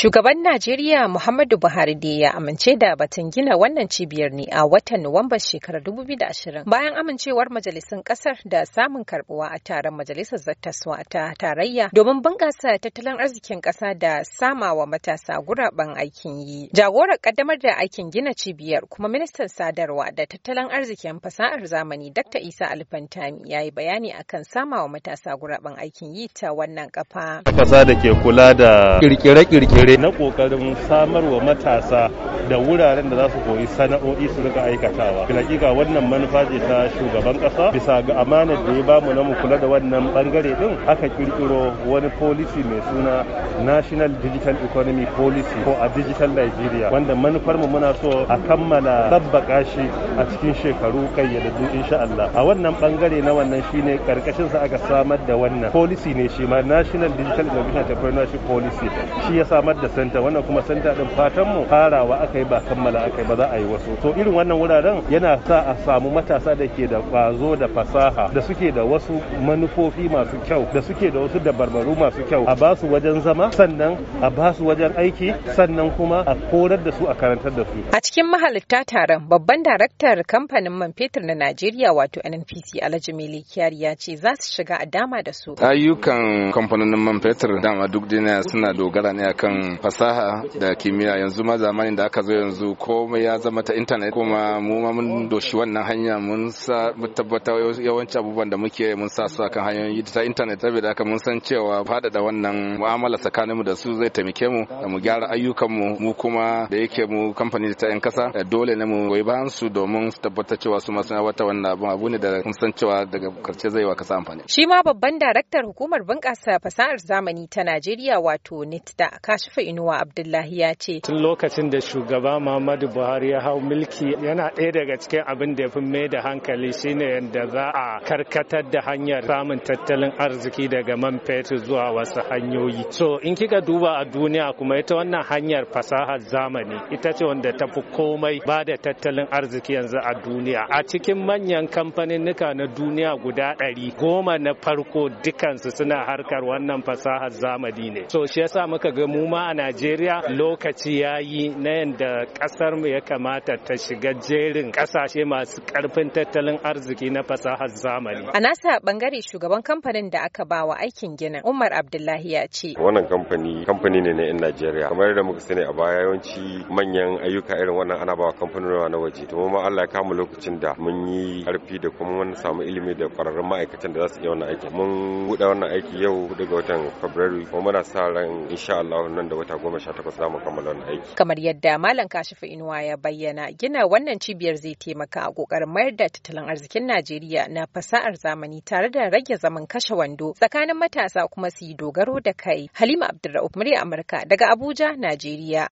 Shugaban Najeriya Muhammadu Buhari da ya amince da batun gina wannan cibiyar ne a watan Nuwamba shekarar 2020 bayan amincewar majalisun ƙasar da samun karbuwa a taron majalisar zattaswa ta tarayya domin bunƙasa tattalin arzikin ƙasa da samawa matasa guraben aikin yi. Jagorar kaddamar da aikin gina cibiyar kuma ministan sadarwa da tattalin arzikin fasahar zamani Dr. Isa Alfantami ya yi bayani akan samawa matasa guraben aikin yi ta wannan kafa. da ke kula da kirkire-kirkire dare na kokarin samar wa matasa da wuraren da za su koyi sana'o'i su rika aikatawa bilakika wannan manufa ce ta shugaban kasa bisa ga amanar da ya bamu na mu kula da wannan bangare din aka kirkiro wani policy mai suna national digital economy policy ko a digital nigeria wanda manufar mu muna so a kammala sabbaka shi a cikin shekaru kayyadaddu insha Allah a wannan bangare na wannan shine karkashin sa aka samar da wannan policy ne shi ma national digital innovation entrepreneurship policy shi ya samar da santa wannan kuma santa din fatan mu farawa akai ba kammala akai ba za a yi wasu to irin wannan wuraren yana sa a samu matasa da ke da kwazo da fasaha da suke da wasu manufofi masu kyau da suke da wasu dabarbaru masu kyau a basu wajen zama sannan a basu wajen aiki sannan kuma a korar da su a karantar da su a cikin mahalitta taron babban daraktar kamfanin man fetur na Najeriya wato NNPC Alhaji Mele ya ce za su shiga a dama da su ayyukan kamfanonin man fetur dama duk duniya suna dogara ne akan fasaha da kimiyya yanzu ma zamanin da aka zo yanzu komai ya zama ta intanet kuma mu ma mun doshi wannan hanya mun sa tabbata yawanci abubuwan da muke mun sa su akan hanyoyi ta intanet saboda haka mun san cewa faɗaɗa wannan mu'amala tsakanin mu da su zai taimake mu da mu gyara ayyukan mu mu kuma da yake mu kamfani ta yan kasa eh, dole ne mu goyi bayan su domin su tabbatar cewa su ma suna wata wannan abun abu ne da mun san cewa daga karshe zai wa kasa amfani shi ma babban daraktar hukumar bunƙasa fasahar zamani ta Najeriya wato NITDA kashi Mustapha Inuwa Abdullahi ya ce. Tun lokacin da shugaba Muhammadu Buhari ya hau mulki yana ɗaya daga cikin abin da ya fi mai da hankali shine yadda za a karkatar da hanyar samun tattalin arziki daga man fetur zuwa wasu hanyoyi. So in kika duba a duniya kuma ita wannan hanyar fasahar zamani ita ce wanda ta fi komai ba da tattalin arziki yanzu a duniya. A cikin manyan kamfaninnika na duniya guda ɗari goma na farko dukansu suna harkar wannan fasahar zamani ne. So shi yasa muka ga mu ma a Najeriya lokaci ya yi na yadda ƙasar mu ya kamata ta shiga jerin ƙasashe masu ƙarfin tattalin arziki na fasahar zamani. A nasa bangare shugaban kamfanin da aka ba wa aikin ginin Umar Abdullahi ya ce. Wannan kamfani kamfani ne na 'yan Najeriya kamar yadda muka sani a baya yawanci manyan ayyuka irin wannan ana ba kamfanin na waje. To mu Allah ya kama lokacin da mun yi ƙarfi da kuma mun samu ilimi da ƙwararrun ma'aikatan da za su iya wannan aiki. Mun buɗe wannan aiki yau daga watan Fabrairu kuma muna sa ran insha Allah nan da wata goma sha takwas za mu kammala wannan aiki. Kamar yadda Malam Kashifu Inuwa ya bayyana gina wannan cibiyar zai taimaka a ƙoƙarin mayar da tattalin arzikin Najeriya na fasahar zamani tare da rage zaman kashe wando tsakanin matasa kuma su yi dogaro da kai. Halima Abdulra'uf murya Amurka daga Abuja, Najeriya.